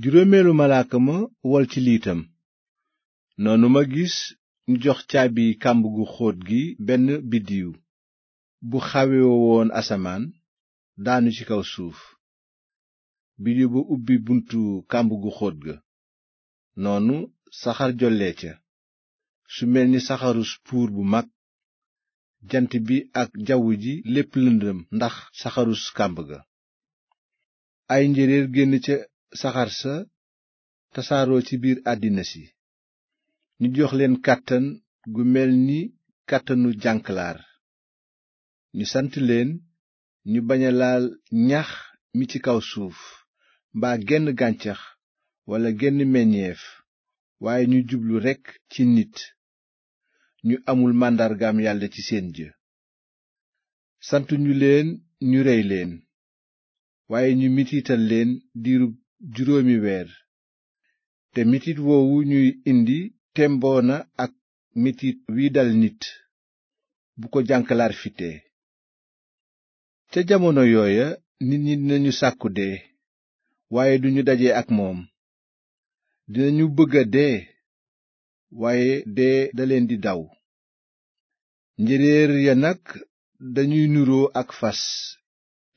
juróomeelu malaaka ma wol ci liitam noonu ma gis ñu jox caabi kàmb gu xóot gi benn biddiw bu xawe woon asamaan daanu ci kaw suuf biddiw ba ubbi buntu kàmb gu xóot ga noonu saxar jollee ca su melni ni puur bu mag jant bi ak jawwu ji lépp lëndëm ndax saxarus kàmb ga saxaar sa tasaaroo ci biir àddina si ñu jox leen kàttan gu mel ni kàttanu janqlaar ñu sant leen ñu bañ laal ñax mi ci kaw suuf mbaa genn gàncax walla genn meññeef waaye ñu jublu rekk ci nit ñu amul màndargaam yàlla ci seen jë sant ñu leen ñu rey leen waaye ñu mitiital leen diirub juróomi weer te metit woowu ñuy indi temboona ak metit wi dal nit bu ko jànkalaar fite ca jamono yooya nit ñi dinañu sàkku dee waaye duñu daje ak moom dinañu bëgga dee waaye dee leen di daw njéeréer ya nag dañuy nuroo ak fas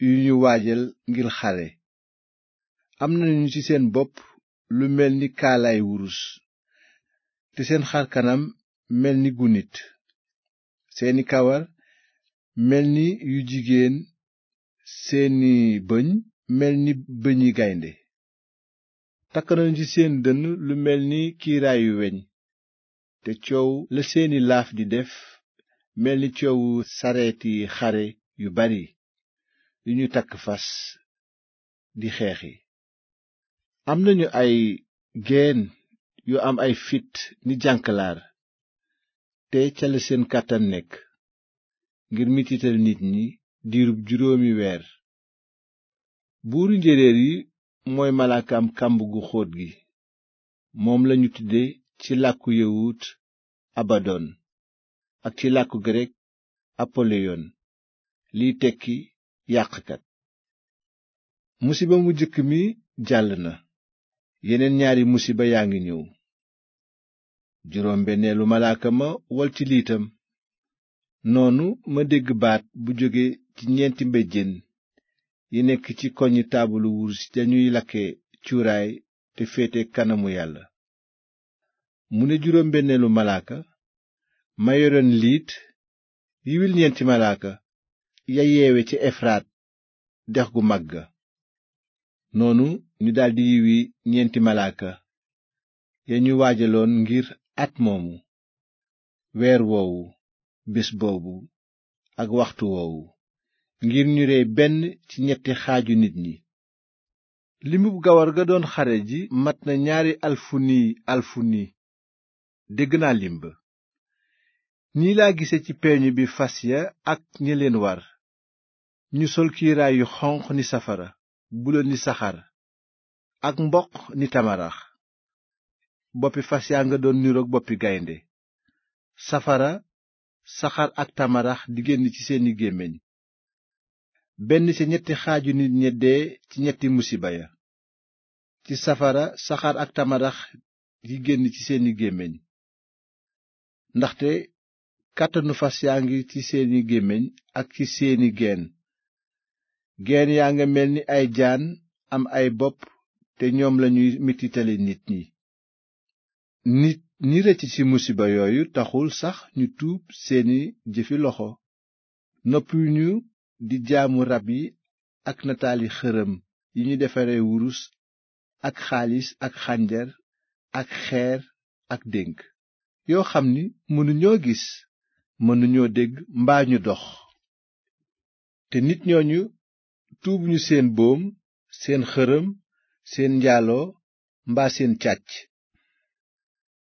yu ñu waajal ngir xale am nañu ci seen bopp lu mel ni kaalaay wurus te seen xarkanam mel ni gu nit seeni kawar mel ni yu jigéen seeni bëñ mel ni bëñi gaynde takk nañu ci seen dënn lu mel ni kiiraayu weñ te coow la seeni laaf di def mel ni coowu sareeti xare yu bari yu ñu takk fas di xeexi am nañu ay gen yu am ay fit ni jànqalaar te ca la seen kàttan nekk ngir mitital nit ñi diirub juróomi weer buuru njéeréer yi mooy malaakam kàmb gu xóot gi moom lañu tudde ci làkku yawut abadon ak ci làkku grek apoleyon liy tekki yàqkat musiba mu jëkk mi jàll na yeneen ñaari musiba yaa ngi ñëw juróom benneelu malaaka ma wol ci liitam noonu ma dégg baat bu jóge ci ñeenti mbéjjén yi nekk ci koñ taabalu wurus dañuy lakke cuuraay te féete kanamu yàlla mu ne juróom benneelu malaaka ma yoroon liit yiwil ñeenti malaaka ya yeewe ci efraat dex gu mag ga noonu ñu daldi yiwi ñeenti malaaka ya ñu waajaloon ngir at moomu weer woowu bés boobu ak waxtu woowu ngir ñu rey benn ci ñetti xaaju nit ñi limub gawar ga doon xare ji mat na ñaari alfuni alfuni dégg naa limb ñi laa gise ci peeñu bi fas ya ak ña leen war ñu sol kiiraay yu xonq ni safara bulo ni saxaar ak mboq ni tamarax boppi fas yaa nga doon niroog boppi gaynde safara saxaar ak tamarax di génn ci seeni gémmiñ benn ci ñetti xaaju nit ña ci ñetti musiba ya ci safara saxaar ak tamarax di génn ci seeni gémmiñ ndaxte kàttanu fas yaa ngi ci seeni gémmiñ ak ci seeni geen geen yaa nga mel ni ay jaan am ay bopp te ñoom lañuy mettitale nit ñi rëcc ci musiba yooyu taxul sax ñu tuub seeni jëfi loxo noppiwuñu di jaamu rab yi ak nataali xërëm yi ñu defare wurus ak xaalis ak xànjar ak xeer ak dénk yoo xam ni mënuñoo gis mënuñoo dégg mbaa ñu dox te nit ñooñu tuubuñu seen boom seen xërëm seen njaaloo mbaa seen càcc